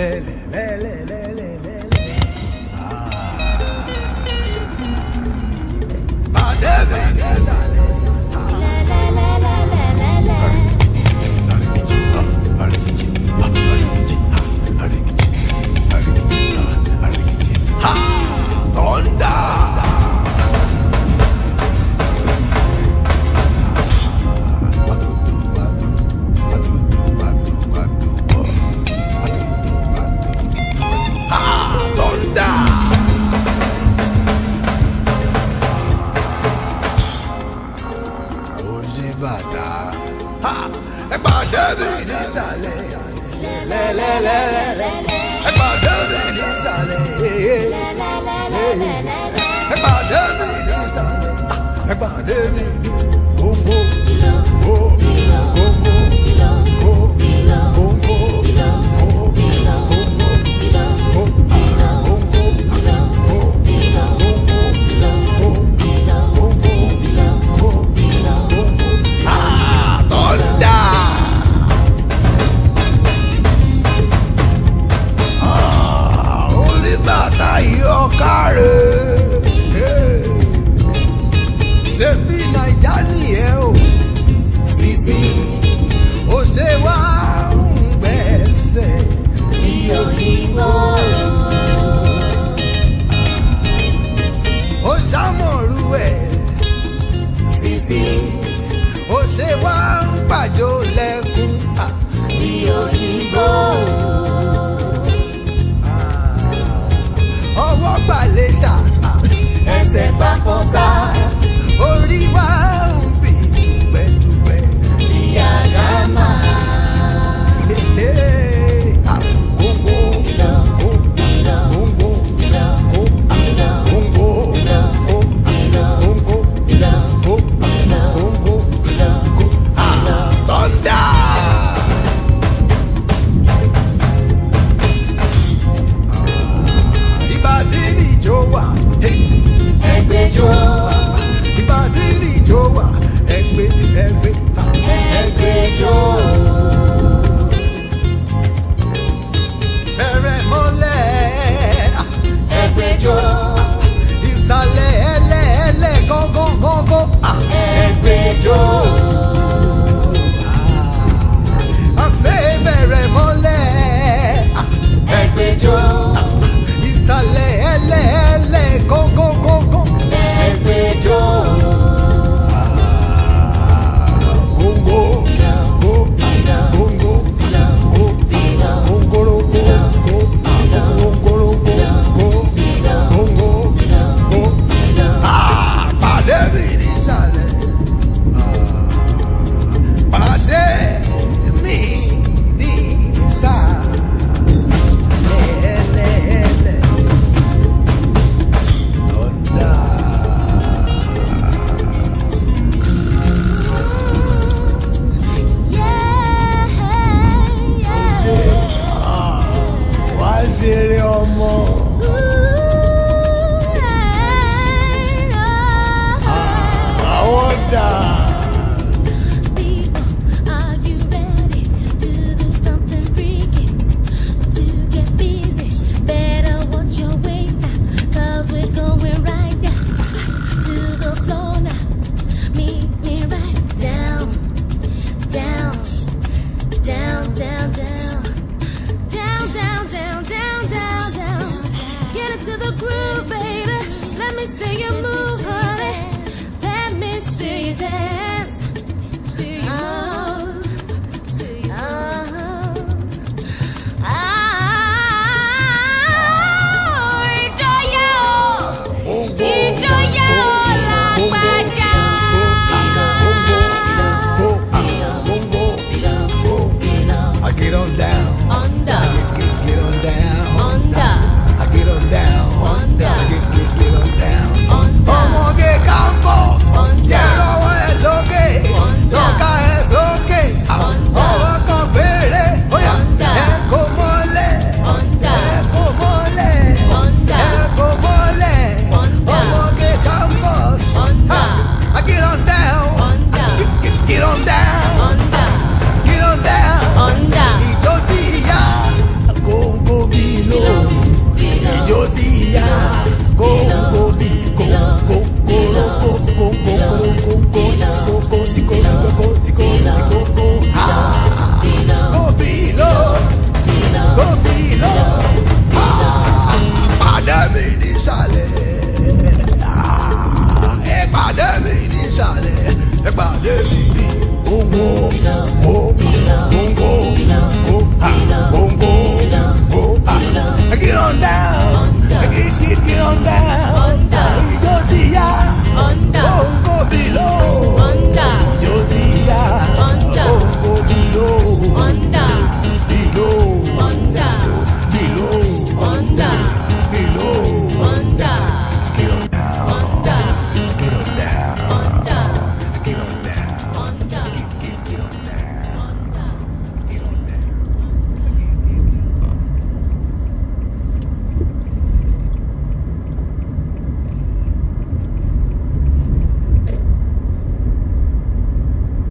baby mẹ́ta ẹ pàdé mi nísàlẹ̀ lẹ́lẹ́lẹ́lẹ́ ẹ pàdé mi nísàlẹ̀ lẹ́lẹ́lẹ́lẹ́ ẹ pàdé mi nísàlẹ̀ ẹ pàdé. ṣé wọ́n ń pàjọ́ lẹ́. to the groove, baby. Let me see you move see you dance.